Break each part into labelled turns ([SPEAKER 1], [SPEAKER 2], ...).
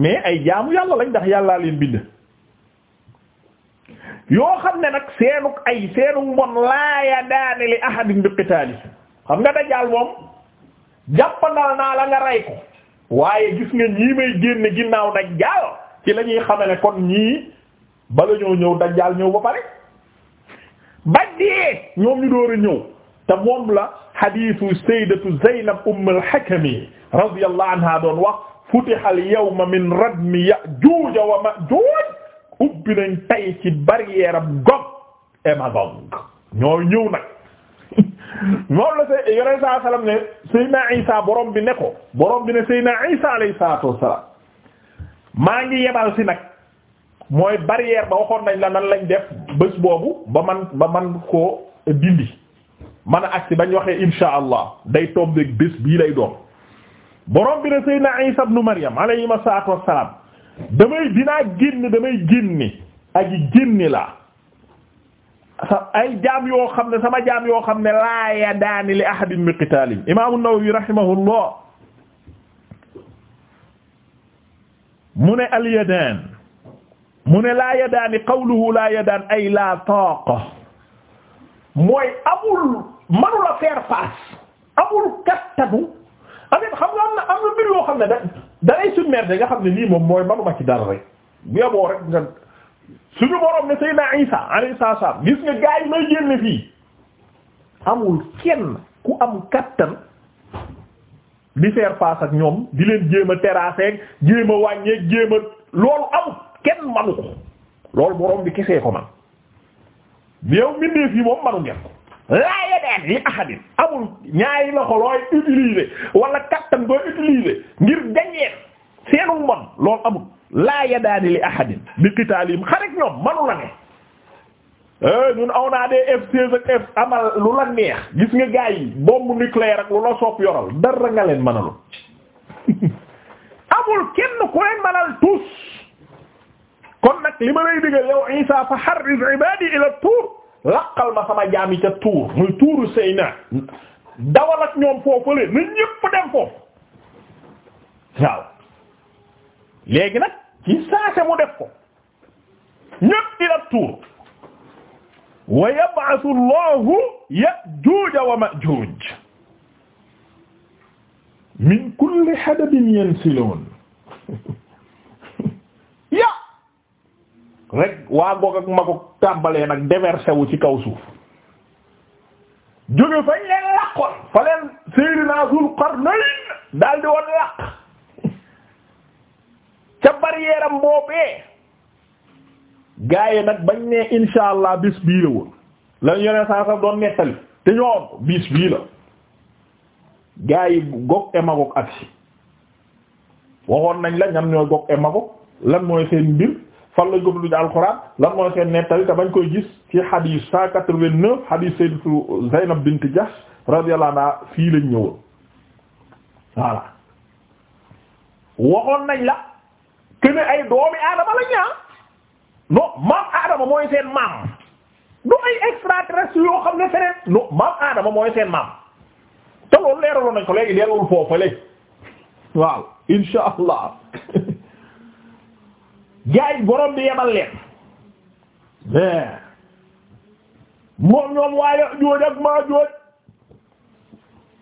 [SPEAKER 1] mais ay jaamu yàlla lañ ndax yàlla leen bind yoo xam ne nag seenuk ay seenuk mbon laaya daane li ahadin bi qitaali xam nga dajaal moom jàppandal naa la nga rey ko waaye gis nga ñii may génne ginnaaw dajaal ci la ñuy xamale kon ñii bala ñëw dajaal ñëw ba pare ba dee ñoom ñu door a ñëw te moom la hadithu sayyidatu Zaynab umm al-Hakami anha doon wax futiha al yawma min radmi ya'juuj wa ma'juuj ubbi nañ tay ci barrière am Gog et Magog ñoo nag moom la say yore salaam ne Seydina Isa borom bi ne ko borom bi ne na Isa alayhi salaatu wassalaam maa ngi yebal si nag mooy barrière ba waxoon nañ la nan lañ def bés boobu ba man ba man koo dindi man a bañ waxee insha allah day tombeek bés bii lay doon. borom bi ne Seydina Isa ibn Maryam alayhi salaatu wassalaam damay dinaa génn damay génni aji génni laa sa ay jaam yoo xam ne sama jaam yoo xam ne laa yadaani li ahadin min qitaalihim imaamu Nawawi rahimahullah mu ne al yadaan mu ne laa yadaani qawluhu laa yadaan ay laa taaqa mooy amul mënula faire face amul kattanu amet xam nga am na mbir yoo xam ne da dalay submerger nga xam ne nii moom mooy manuma ci dara rek bu yeboo rek nga suñu borom ne Seydina Isa alayhi salaam gis nga gaa yi may génne fii amul kenn ku am kattan di faire face ak ñoom di leen jéem a terrasser jéem a wàññeeg jéem a loolu amul kenn manu ko loolu borom bi kesee ko man yow mbindeef yi moom manu ngeen ko laa yadaan li ahadin amul ñaari loxo looy utiliser wala kattan koy utiliser ngir jañeen seenu mbon loolu amul laa yadaani li ahadin bi qitaalihim xarit ñoom manu la ne eh, ñun aw naa dee F16 ak F amal lu la neex gis nga gars yi bombe nucléaire ak lu la sopp yoral dara nga leen mënalul amul kenn ku leen mënal tous kon nag li ma lay digal yow Isa fa harriz ibadi ila tur laqal ma sama jaam yi ca tuur muy tuuru Seyna dawal ak ñoom foofu la na ñépp dem foofu waaw léegi nag ci saase mu def ko ñépp ila tuur wa yab'athu Allahu Ya'juuj wa Ma'juuj min kulli hadabin yansiluun rek waa goog ak magog tàmbalee nag déversé wu ci kaw suuf jóge fañ leen làqoon fa leen Seydina Zul Qarnayn daal di woon làq ca barrière boobee gaa yi nag bañ ne insha allah bis bii la woon lañ yoneen saa sax doon nettali te ñoom bis bii la gaa gog e magog ak si waxoon nañ la ñam ñooy gog e magog lan mooy seen mbir fan lañ ko tuddu alquran lan mooy seen nettali te bañ koy gis ci hadith cent quatre-vingt-neuf hadith sayyidatu Zaynab bint Jahsh radiyallahu anha fii lañ ñëwoon voilà waxoon nañ la kene ay doomi aadama lañ ñaa ah. non maam aadama mooy seen maam du ay extraterrestre yoo xam ne feneen non maam aadama mooy seen maam te loolu leeraloon nañ ko léegi leeralul foofu léegi waaw insha allah gaa yi borom bi yebal leen mais eh. moom ñoom waaye jooj ak maa jooj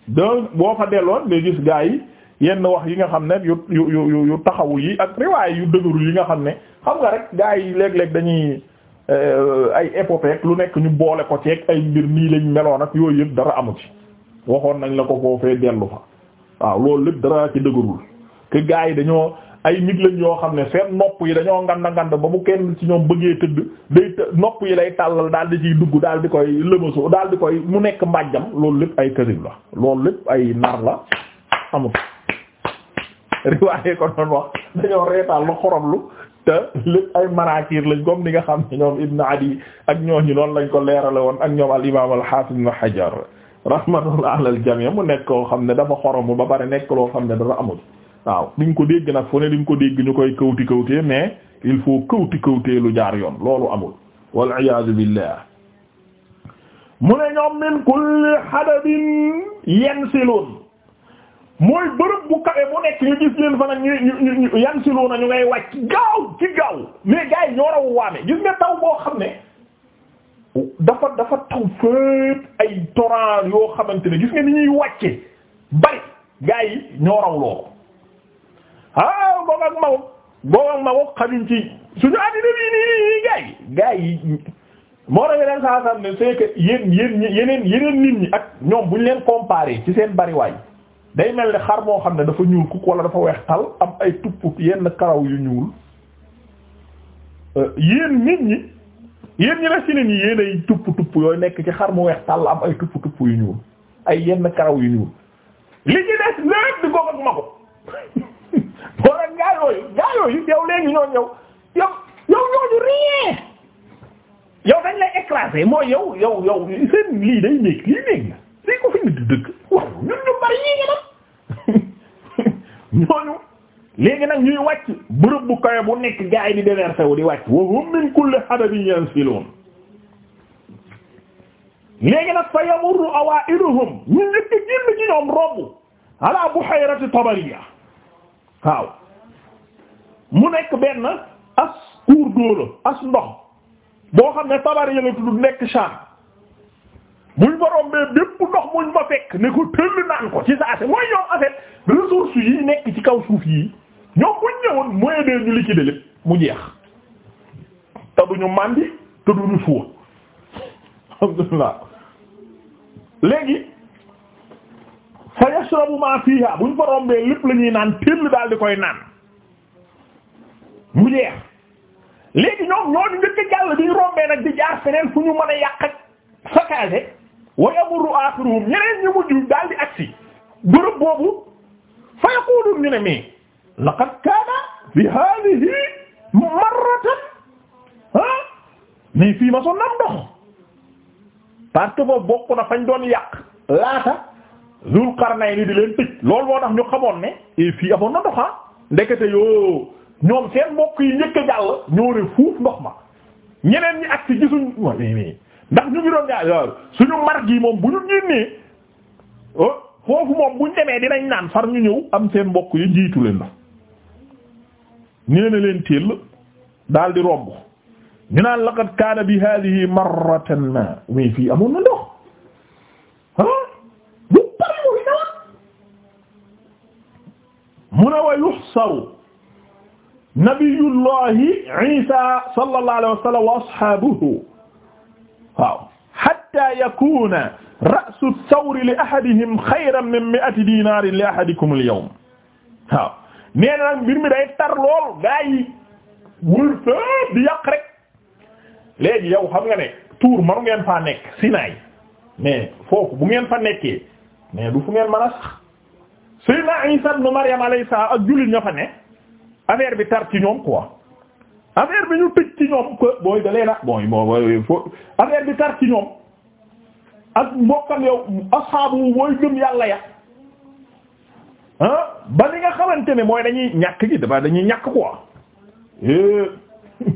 [SPEAKER 1] donc boo fa delloon mais gis gaa yi yenn wax yi nga xam ne yu yu yu yu taxawul yi ak riwaay yu dëgërul yi nga xam ne xam nga rek gaa yi léeg-léeg dañuy eh, ay épopée lu nekk ñu boole ko ceeg ay mbir nii lañ meloon ak yooyu yëpp dara amu ci waxoon nañ la ko foofee dellu fa waaw loolu lépp dara ci dëgërul que gaa yi dañoo. ay nit lañ yoo xam ne seen nopp yi dañoo nganda nganda ba mu kenn ci ñoom bëggee tëdd day nopp yi lay tàllal daal di ciy dugg daal di koy lëmasu daal di koy mu nekk mbàjjam loolu lépp ay kasib la loolu lépp ay nar la amut riwaayee ko doon wax dañoo xorom lu te lépp ay manaakir lañ comme ni nga xam ne ñoom Ibn Adi ak ñoom ñu noonu lañ ko leerale woon ak ñoom al imaam al Hafiz Ibn Hajar rahmatullah ala al jami' mu nekk koo xam ne dafa xoromu ba pare nekk loo xam ne dafa amul waaw di ko dégg nag fu ne di nga ko dégg ñu koy kawti kawtee mais il faut kawti kawtee lu jaar yoon loolu amul wal iyaadu billah mu ne ñoom min kulli hadabin yansiluun mooy bërëb bu kawe bu nekk ñu gis leen fa nag ñu ñu ñu yansiluun ñu ngay wàcc gaaw ci gaaw mais gars yi ñoo raw waame gis nga taw boo xam ne dafa dafa taw fépp ay torrent yoo xamante ne gis nga ni ñuy wàcce bari gars yi ñoo raw loolu ah boog ak Maodo boog ak Maodo xamuñ ci suñu addina bii nii gars yi gars yi moo tax yeneen saa saa ne c'est que yéen yeneen yeneen nit ñi ak ñoom bu ñu leen comparé ci seen bariwaay day mel ni xar moo xam ne dafa ñuul kuk wala dafa weex tal am ay tupp yenn karaw yu ñuul euh, yéen nit ñi yéen ñi la si ne nii yéen ay tupp tupp yooyu nekk ci xar mu weex tal am ay tupp tupp yu ñuul ay yenn karaw yu ñuul li ci des lépp di goog ak Maodo. gaa yooyu gaa yow léegi ñoo ñëw yow yow ñooñu rien yow dañ lay écraser mooy yow yow yow seen lii day néeg lii néeg lii ko fi nit dëgg ñu bari ñii nga dem ñooñu léegi nag ñuy wàcc bërëb bu kawe bu nekk gaa yi di déverser wu di wàcc wa hum min kulli hadabin yansilun léegi nag fa yamurru awairuhum ñu nekk génn ci ñoom robbu ala buhayrati tabariya waaw mu nekk benn as kuur dóola as ndox boo xam ne tabari la tudd nekk Sham buñ fa rombee bépp ndox muñ fa fekk ne ko tëll naan ko ci saase mooy ñoom en fait ressources yi nekk ci kaw suuf yi ñoom buñ ñëwoon moyen de ñu liquider lépp mu jeex te duñu màndi te duñu suur alhamdulillah léegi fa yashrabu ma fiha buñ fa rombee lépp la naan tëll daal koy naan mu jeex léegi ñoom ñoo ñu jàll di rombee nag di jaar feneen fu ñu mën a yàq ak saccagé wa yamuru akhiruhum ñeneen ñu mujj daal di agsi bërëb boobu fa yaqulu ñu ne mais laqad kaana fi hadhihi marratan ah mais fii ma son nam ndox parce que boobu na fañ doon yàq laata Zul Qarnayni di leen tëj loolu moo tax ñu xamoon ne eh, fii amoon na ndox ah. ndekete yoo ñoom seen mbokk yi njëkk a jàll ñoo ne fuuf ndox ma ñeneen ñi ak ci gisuñ ndax ñu ngi doon daal suñu marg yi moom bu ñu génnee oh, foofu moom buñ demee dinañ naan far ñu ñëw am seen mbokk yi jiitu leen la nee na leen téll daal di romb ñu naan laqad kaana bi hadihi marratan ma mais fii amoon ah, mu ne wa yuhsaru nabiyullahi isa sallallahu alayhi wa sallam wa ashaabuhu waaw hatta yakuna ra'su thawri li ahadihim xayran min mi'ati dinaarin li ahadikum al yawm waaw nee na nag mbir mi day tar lool gaa yi wër sëb di yàq rek léegi yow xam nga ne tuur manu ngeen faa nekk Sinaay mais foofu bu ngeen fa nekkee mais du fu ngeen mën a sax Seydina Isa ibn Maryam alayhi salaam ak jullit ña fa ne affaire bi tar ci ñoom quoi affaire bi ñu tëj ci ñoom que booy mooy fo affaire bi tar ci ñoom ak mbokkam yow asxaabu booy gëm yàlla ya ah nga xamante ne mooy dañuy ñàkk gi dafa dañuy ñàkk quoi eh.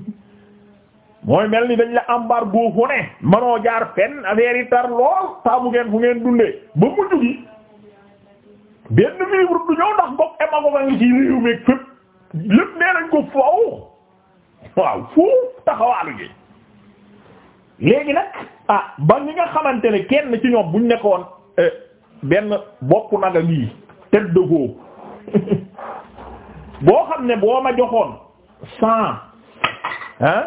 [SPEAKER 1] mooy mel ni dañ la embargo fu ne manoo jaar fenn affaire yi tar lool taamu ngeen fu ngeen dundee ba mujj gi benn livre du ñëw ndax mbokk emma ko nga ci réew mi fépp lépp nee nañ ko foofu waaw foofu taxawaalu gi léegi nag ah ba ñi nga xamante ne kenn ci ñoom buñ nekkoon eh, benn bopp naga ngi tête de boo xam ne boo ma joxoon cent ah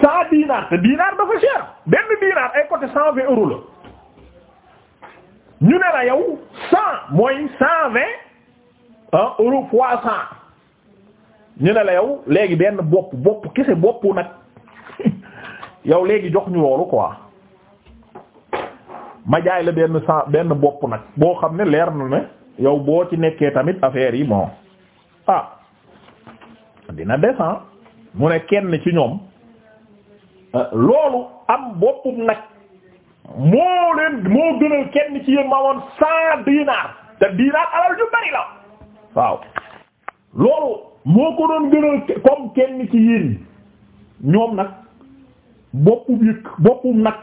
[SPEAKER 1] cent dinaar te dinaar dafa cher benn dinaar ay côté cent vingt euros la ñu ne la yow cent mooy cent vingt euro fois cent ñu ne la yow léegi benn bopp bopp kese bopp nag yow léegi jox ñu loolu quoi ma jaay la benn sa benn bopp nag boo xam ne leer na ne yow boo ci nekkee tamit affaire yi bon ah dina descend ah. mu ne kenn ci ñoom euh, loolu am boppum nag moo leen moo gënal kenn ci yéen ma woon cent dinaar te dinaar alal ju bari la waaw loolu moo ko doon gënal comme kenn ci yéen ñoom nag boppu yëg boppum nag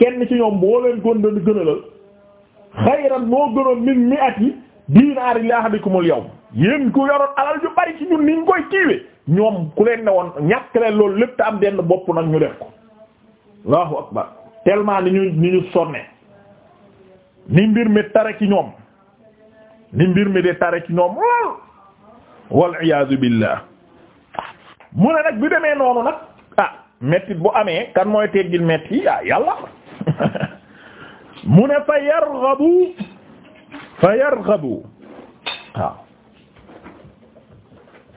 [SPEAKER 1] kenn ci ñoom boo leen kon doon gënalal xayran moo gënoon min mi at yi diinaar yi ahadikumul yow yéen ku yoroon alal ju bari ci ñun ni koy kiiwe ñoom ku leen ne woon ñàkk leen loolu lépp te am denn bopp nag ñu def ko allahu akbar tellement ni ñu ni ñu sonne ni mbir mi tare ci ñoom ni mbir mi de tare ci ñoom wal iyaazu billah mu ne nag bi demee noonu nag ah mettit bu amee kan mooy teggil metti ah yàlla mu ne fa yarghabu fa yarghabu waaw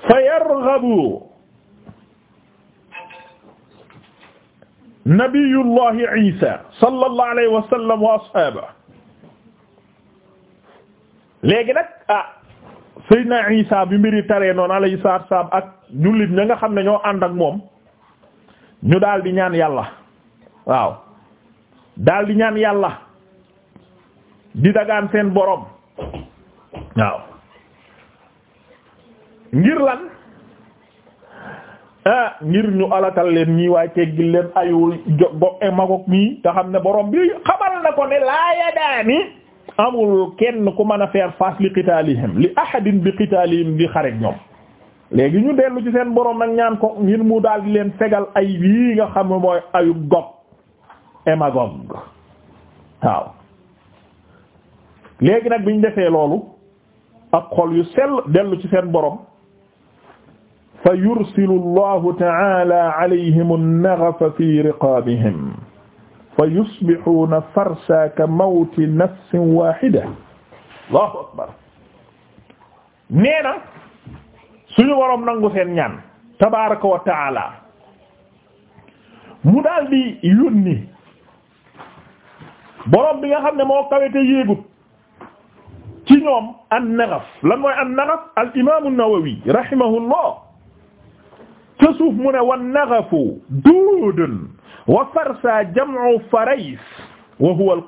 [SPEAKER 1] fa yarghabu nabiyullahi isa sallallahu alayhi wa sallam wa ashaabihi léegi nag ah Seydina Isa bi mbiri taree noonu alayhi salaatu salaam ak jullit ña nga xam ne ñoo ànd ak moom ñu daal di ñaan yàlla waaw daal di ñaan yàlla di dagaan seen boroom waaw ngir lan ah ngir ñu alakal leen ñii waaye teggil leen ayul jo bo eh, magog mii te xam ne boroom bi xamal na ko ne laaya daani amul kenn ku mën a faire face li qitaalihim li ahadin bi qitaalihim di xarek ñoom léegi ñu dellu ci seen borom nag ñaan ko ngir mu daal leen fegal ay yii nga xam ne mooy ayu Gog et léegi nag bi ñu defee loolu ak xol yu sell dellu ci seen borom fa yursilu Allahu ta'ala alayhim an-naghaf fi riqaabihim fa yusbixuuna farsa ka mawti nafsin waahida allahu akbar nee na suñu waroom nangu seen ñaan tabaaraka wa taala mu daal di yónni borom bi nga xam ne moo kawete yéegut ci ñoom an naxaf lan mooy an naxaf al imaamu nawawi rahimahullah ca suuf mu ne wan naxafu duudun wa farsa jam'u farays wa huwa al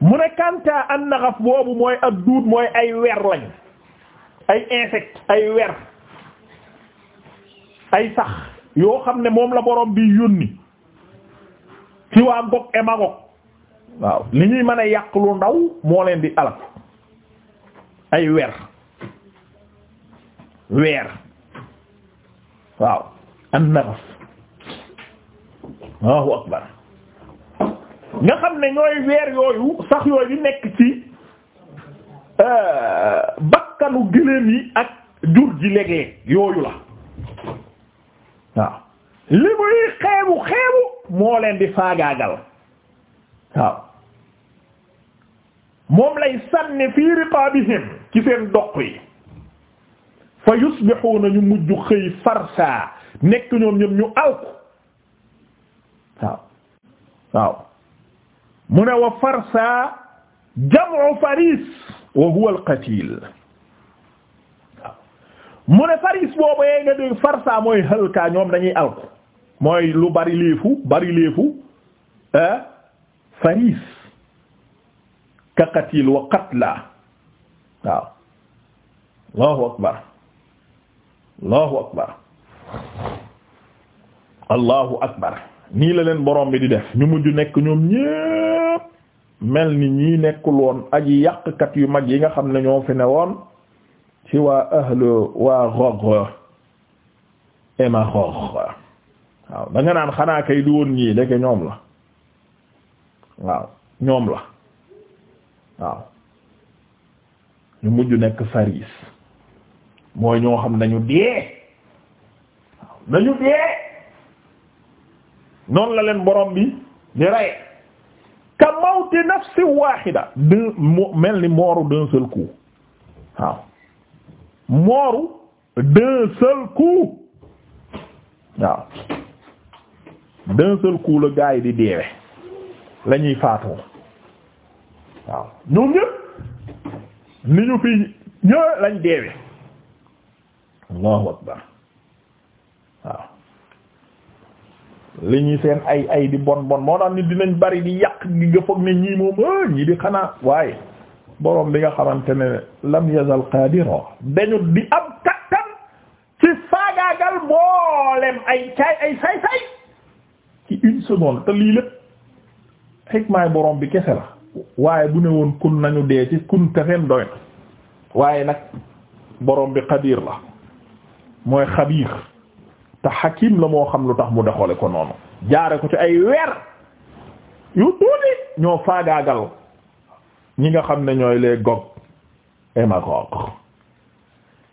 [SPEAKER 1] mu ne kanta an naxaf boobu mooy ak duut mooy ay wer lañ ay insecte ay wer ay sax yoo xam ne moom la borom bi yónni ci waa Gog et Magog waaw li ñuy mën a yàq ndaw moo leen di alal ay wer weer waaw an Allahu akbar nga xam ne ñooy weer yooyu sax yooyu di nekk ci euh, bakkanu gëléem yi ak jur ji legee yooyu la waaw li muy xeebu xeebu moo leen di faagaagal waaw moom lay sànni fii riqaabihim ci seen doq yi fa yusbihuna ñu mujj xëy farsa nekk ñoom ñoom ñu alku waaw waaw mu ne wa farsa jam'u faris wa huwa al mu ne faris boobu yee nga dégg farsa mooy halka ñoom dañuy alku mooy lu bari léefu ah, faris ka qatil wa qatla waaw allahu akbar allahu akbar allahu akbar nii la leen borom bi di def ñu mujj nekk ñoom ñépp mel ni ñii nekkul woon aji yàqkat yu mag yi nga xam ne ñoo fi ne woon ci waa ahlu waa Gog et Magog waaw da naan xanaa kay du woon ñii ndeke ñoom la waaw ñoom la waaw ñu mujj nekk faris mooy ñoo xam nañu dee waaw nañu dee noonu la leen borom bi di reye ka mawti nafsi wahida d'un mel ni mooru d'un seul coup waaw mooru d'un seul coup waaw d'un seul coup la gaa yi di deewe la faatoo waaw ñoom ñëpp ni ñu fi ñëw lañ deewe waaw li ñuy seen ay ay di bon bon moo tax nit dinañ bari di yàq gi foog ne ñii moom ah ñii di xanaa waaye boroom bi nga xamante ne lam yazal qadira dañu di am kattan ci faagaagal mboolem ay caay ay say say ci une seconde te lii lépp xikmaay boroom bi kese la waaye bu ne woon kun nañu dee ci kun tefeen doy na waaye nag boroom bi qadir la mooy xabiir te xakim la moo xam lu tax mu doxale ko noonu jaare ko ci ay weer yu tuuti ñoo faagaagal ñi nga xam ne ñooy les Gog et Magog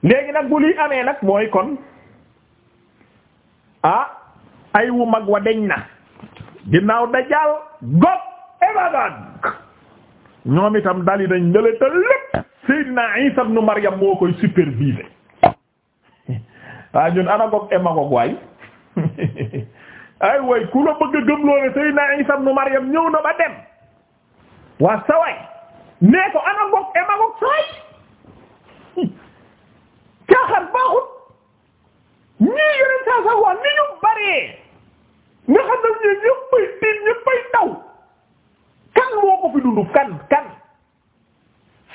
[SPEAKER 1] léegi nag bu liy amee nag mooy kon ah ay wu mag wa deñ na ginnaaw Dajjal Gog et Magog ñoom itam dali nañ njële te lépp Seydina Isa ibn Maryam moo koy superviser waa ah, ñun anagog emagog waay ay way ku la bëgg a gëmloo ne Seydina Isa ibn Maryam ñëw na ba dem waa saway nee ko anagog emagog saway caaxaan baaxut ñii yeneen saa sax waa ni ñu bëree nga xam ne ñun ñëppay tiit ñëppay kan moo ko fi dundu kan kan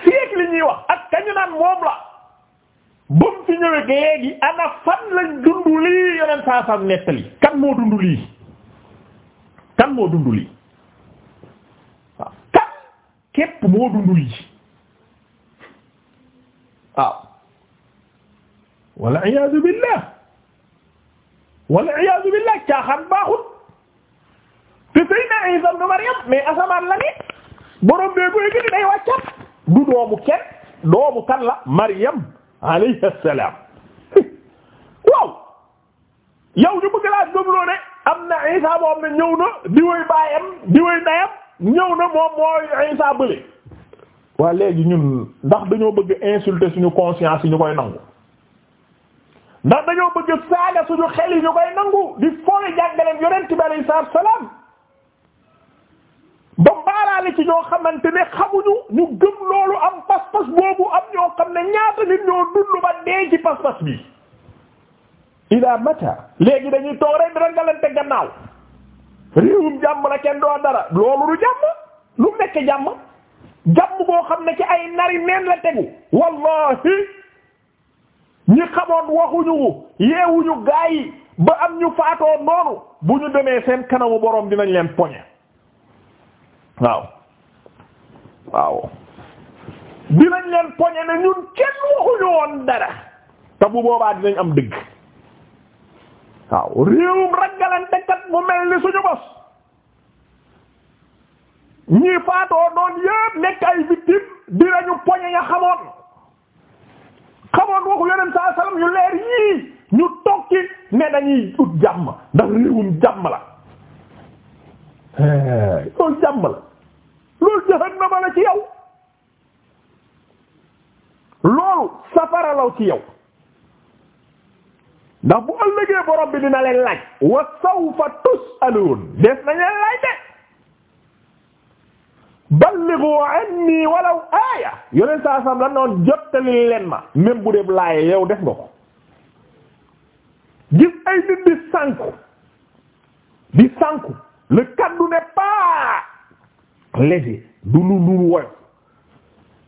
[SPEAKER 1] siècle ñuy wax ak kañu naan moom la ba mu fi ñëwee léegi ana fan lañ dund lii yeneen saa nettali kan moo dund kan moo dund lii kan képp moo dund lii walla iyaazu billaah walla iyaazu billaah caaxaan baaxut te Seydina Isa ibn Maryam mais asamaan la nit borom bee koy gën day wàccat du doomu kenn doomu kan la Maryam alayhi salaam waaw yow ñu bëgg laa gëmloo am na Isa boo xam ne ñëw na di woy baayam di woy ndeyam ñëw na moom mooy Isa waa léegi ñun ndax dañoo bëgg insulter suñu conscience yi ñu koy nangu ndax dañoo bëgg saaga suñu xel yi ñu koy nangu di foole jàngaleem yonent bi alayhi salaam ne ci ñoo xamante ne xamuñu ñu gëm loolu am pas-pas boobu am ñoo xam ne ñaata nit ñoo dund ba dee ci pas-pas bi ila mata léegi dañuy toog rek dara ngalante gannaaw réewum jàmm la kenn doo dara loolu du jàmm lu nekk jàmm jàmm boo xam ne ci ay nari neen la tegu wallahi ñi xamoon waxuñu yeewuñu gaa yi ba am ñu faatoo noonu bu ñu demee seen kanamu boroom dinañ leen poñe waaw waaw dinañ leen poñe ne ñun kenn waxuñu woon dara te boobaa dinañ am dëgg waaw réewum raggalantekat mu mel ni suñu bos ñi faatoo doon yépp nekk ay victime dinañu poñe ña xamoon xamoon waxu yeneen saa salaam yu leer yii ñu toog ne dañuy ut jàmm ndax réewum jàmm la loolu jàmm la loolu jahannama la ci yaw loolu safara ci yow ndax bu ëllëgee borom bi dina leen laaj wa sawfa tusaluun des nañ leen laaj de ballighu anni walaw aaya yoneen saa sam la noon jottali leen ma même bu dee laaye yow def nga ko gis ay nit di sànku di sànku le kaddu ne pas léger du lu lu woy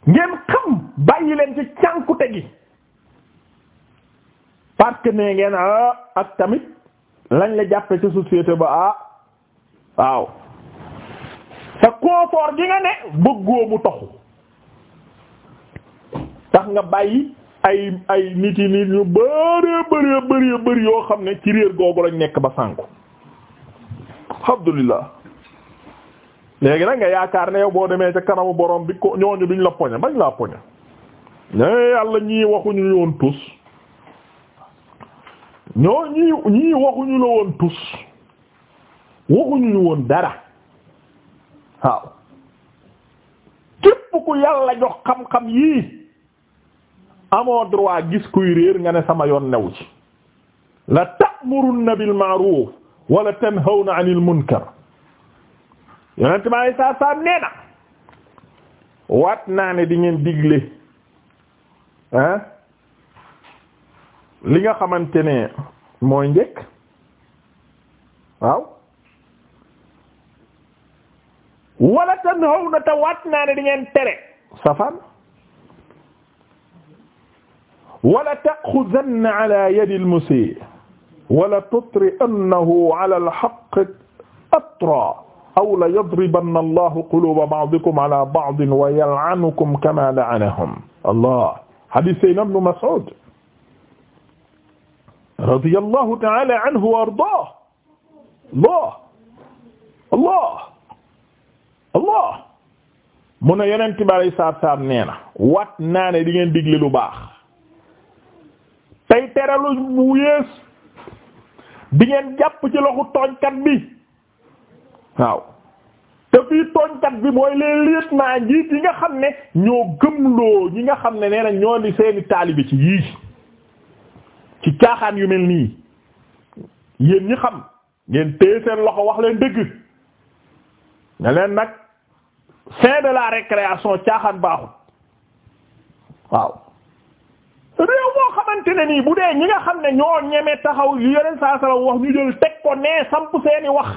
[SPEAKER 1] ngeen xam bàyyi ci cànkute gi parce que nee ngeen ah, ak tamit lañ la jàppe ca société ba ah waaw sa confort gi nga ne bëggoo mu toxu tax nga bàyyi ay ay nit yi nit ñu bëree bëree bëree bëri yoo xam ne ci réer googu lañ nekk ba sànku alhamdulillah léegi nag yaakaar ne yow boo demee ca kanamu borom bi ko ñooñu duñ la poñe bañ laa poñe ñee yàlla ñii waxuñu la woon tus ñoo ñii waxuñu la woon tus waxuñu woon dara waaw képp ku yàlla jox xam-xam yii amoo droit gis kuy réer nga ne sama yoon new ci la ta'murunna bil ma'ruf wala tanhawna 'anil munkar yonent bi alei saatu salaam nee na waat naa ne di ngeen digle ah li nga xamante ne mooy njëkk waaw wala tanhawna te waat naa ne di ngeen tere safaan wala ta'xuzanna ala yadi al-musii wala tutri'annahu ala al-haqqi atra aw la yadribanna allahu quluba ba'dikum ala ba'din wa yal'anukum kama la'anahum allah hadith sayyidina ibn Mas'ud radiyallahu ta'ala anhu wa ardaahu allah allah allah mu ne yonent bi alayhi salaatu salaam nee na wat naa ne di ngeen digle lu baax tey tere lu bu yées di ngeen jàpp ci loxu tooñkat bi waaw te fii tooñkat bi mooy les lieutenants njiit yi nga xam ne ñoo gëmloo ñi nga xam ne nee na ñoo di seeni taalibe ci yii ci caaxaan yu mel nii yéen ñi xam ngeen téye seen loxo wax leen dëgg ne leen nag fin de la récréation caaxaan baaxut waaw réew moo xamante ne nii bu dee ñi nga xam ne ñoo ñeme taxaw li yeneen saa sala wax ñu jël teg ko nee samp seeni wax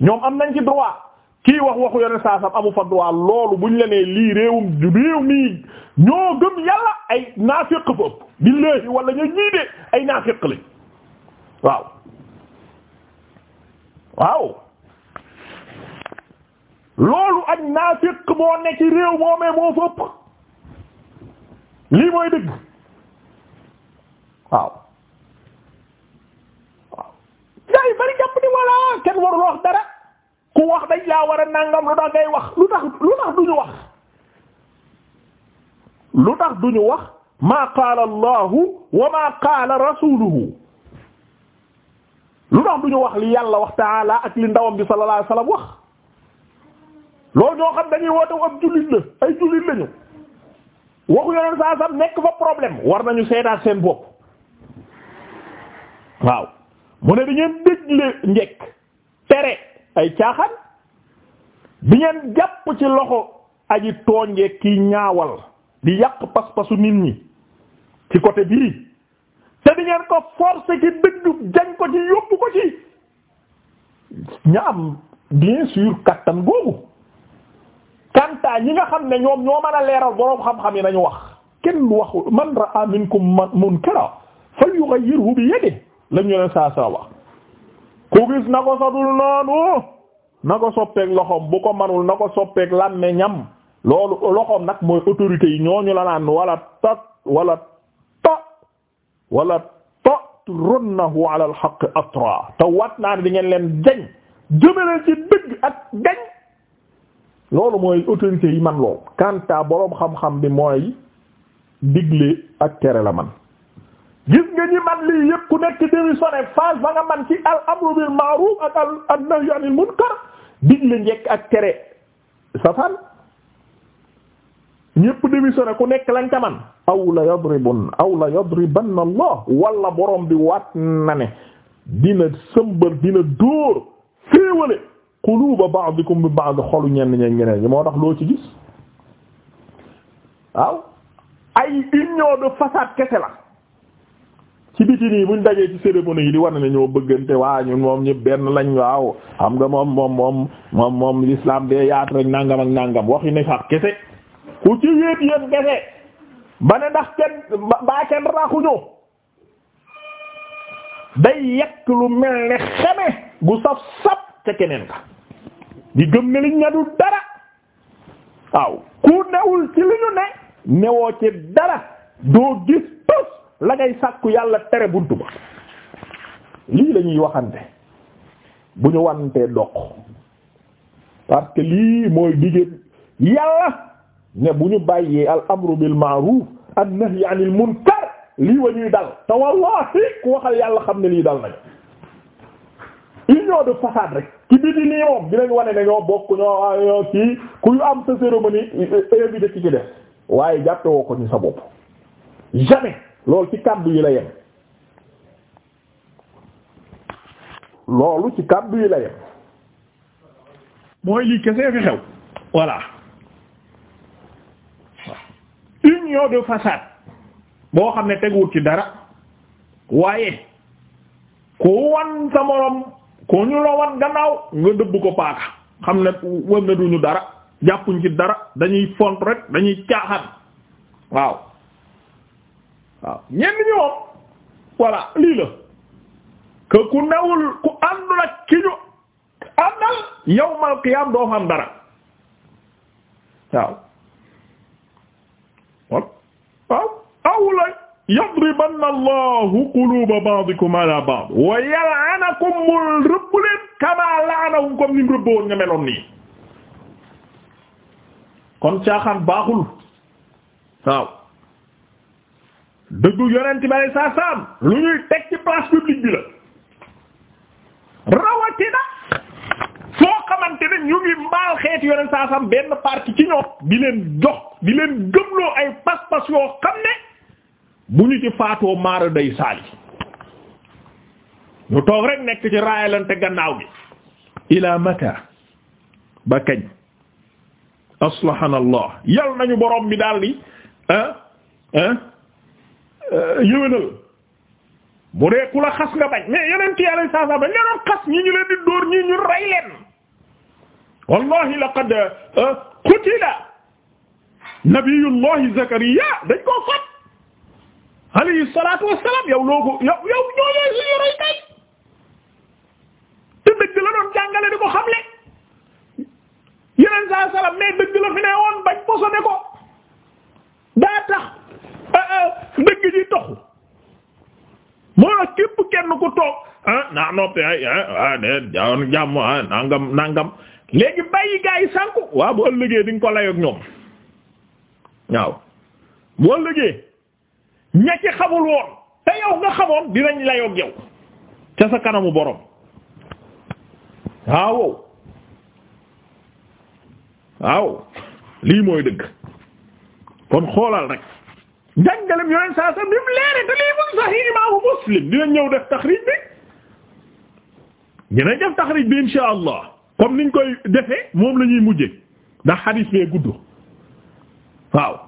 [SPEAKER 1] ñoom am nañ ci droit kii wax waxu yone saasam amu fa droit loolu buñ la nee lii réewum réew mii ñoo gëm yàlla ay naafiq fa ëpp billaahi walla ñu ñii de ay naafiq lañ waaw waaw loolu ak naafiq moo nekk réew moomee moo fa lii mooy dëgg waaw yu bari jàpp ni voilà kenn warul wax dara ku wax dañ laa war a nangam lu tax ngay wax lu tax lu tax duñu wax lu tax duñu wax maa qaala allahu wa maa qaala rasuluhu lu tax duñu wax li yàlla wax taala ak li ndawam bi sallallahu alayhi wax loolu ñoo xam dañuy woote ab jullit la ay jullit lañu waxu yeneen saa sam nekk fa problème war nañu seetaat seen bopp waaw mu ne di ngeen dégle njekk tere ay caaxaan bi ngeen jàpp ci loxo aji tooñgeeg ki ñaawal di yàq pas-pasu nit ñi ci côté bii te di ngeen ko forcer ki dëgg jañ ko ci yóbbu ko ci ña am bien sûr kattan googu kanta ñi nga xam ne ñoom ñoo mën a leeral boroom xam-xam yi nañu wax kenn waxu man ra'a minkum munkaran falyughayyirhu bi yadihi lañ yoneen saa saa wax ku gis na ko sotul noonu na ko soppeek loxoom bu ko manul na ko soppeek làmmiñam loolu loxoom nag mooy autorité yi ñooñu la naan wala tat wala to wala tatrunnahu ala alxaq atra te wat naa di ngeen leen jañ jëmaleen loolu mooy autorité yi man loolu kanta boroom xam-xam bi mooy digle ak kere la man gis nga ñi man lii yëpp ku nekk démissionné phase ba nga man ci al amru bil ma'ruf ak al an nahyu anil munkar digle njekk ak tere safan ñëpp démissionné ku nekk lañ ca man aw la yadribun aw la yadribanna allah wala borom bi waat na ne dina sëmbal dina dóor féewale quluba ba'dikum bi ba'd xolu ñenn ñe ñeneen ñi moo tax loo ci gis waaw ay union de façade kese la ci biti nii buñ dajee ci cérémonie yi di war ne ñoo bëggante waa ñun moom ñëpp benn lañ waaw xam nga moom moom moom moom moom l'islam de yaatu rek nangam ak nangam waxi ne sax kese ku ci wéet yéen kese ba ne ndax kenn ba kenn raxuñu day yekk lu mel ne xeme gu saf saf ca keneen ka di gëm ne liñ ne du dara waaw ku newul ci li ñu ne newoo ci dara doo gis tos la ngay sàkku yàlla tere buntu ba lii la waxante bu ñu wantee doq parce que lii mooy digéen yàlla ne bu ñu bàyyee al amru bil ma'ruf an nahy anil munkar lii wa ñuy dal te wallahi ku waxal yàlla xam ne lii dal nañu union de façade rek ci biti nii moom dinañ wane ne ñoo bokk ñoo ah, kii kuy am sa cérémonie eh, eh, invité ci ci def waaye jàppewoo ko ñu sa bopp jamais loolu ci kàddu yi la yem loolu ci kàddu yi la yem mooy lii kese fi xew voilà union de façade boo xam ne teguwul ci dara waaye ku wan sa morom ku ñu la wan gannaaw nga dëbb ko paaka xam ne wan na duñu dara jàppuñ ci dara dañuy font rek dañuy caaxaan waaw waaw ñenn ñi moom voilà lii la que ku newul ku àndul ak ki ñu àndal yawmal qiyaam doo xam dara waaw wal waaw aw la yadribanna wa yal'anakum mul rëbb leen kama la'anahum comme ni mu rëbb woon nga meloon nii kon caaxaan baaxul waaw dëggu yonent bi ay saa lu ñuy teg ci place publique bi la rawatina foo xamante ne ñu ngi mbaal xeeti yonent saa saam benn parti ci ñoom di leen jox di leen gëmloo ay pas-pas yoo xam ne bu ñu ci faatoo maara saali ñu toog rek nekk ci raayalante gannaaw gi ila mata ba kañ aslahana yal nañu borom bi daldi ah ah Euh, yëwénal bu dee ku la xas nga bañ mais yeneen ci yàlla saa saa bañ nga doon xas ñi ñu leen di dóor ñi ñu rey leen wallahi laqad euh, qutila nabiyullahi zakariya dañ koo fat alayhi salatu wassalam yow loo ko yow yow ñooñooy suñu rey la doon jàngale di ko xamle yeneen saa salaam mais dëgg la fi ne woon bañ posone ko ah képp kenn ku toog ah naa noppi ay ah nee ah, ah, jàmm jàmm ah nangam nangam léegi bàyyi gaa yi waaw bu ëllëgee di nga xamul woon te yow nga xamoon dinañ layoog yow ca sa kanamu borom waaw waaw lii mooy dëgg kon xoolal rek. njàngalem yoneen saa sam bi mu leere te lii mun sahih imaamu muslim dinañ ñëw def taxrij bi dinañ def taxrij bi insha allah comme niñ koy defee moom la ñuy mujje ndax xadiis bee gudd waaw